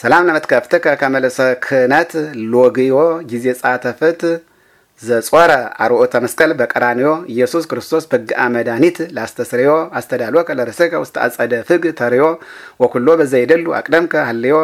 ሰላም ለመትከፍትከ ከመ ክህነት ሎግዮ ጊዜ ጻተፍት ዘጾረ አርኦተ መስቀል በቀራንዮ ኢየሱስ ክርስቶስ በግአ መድኃኒት ላስተስርዮ አስተዳልወከ ለርእስከ ውስተ አጸደ ፍግ ተርዮ ወኩሎ በዘይደሉ አቅደምከ ሀልዮ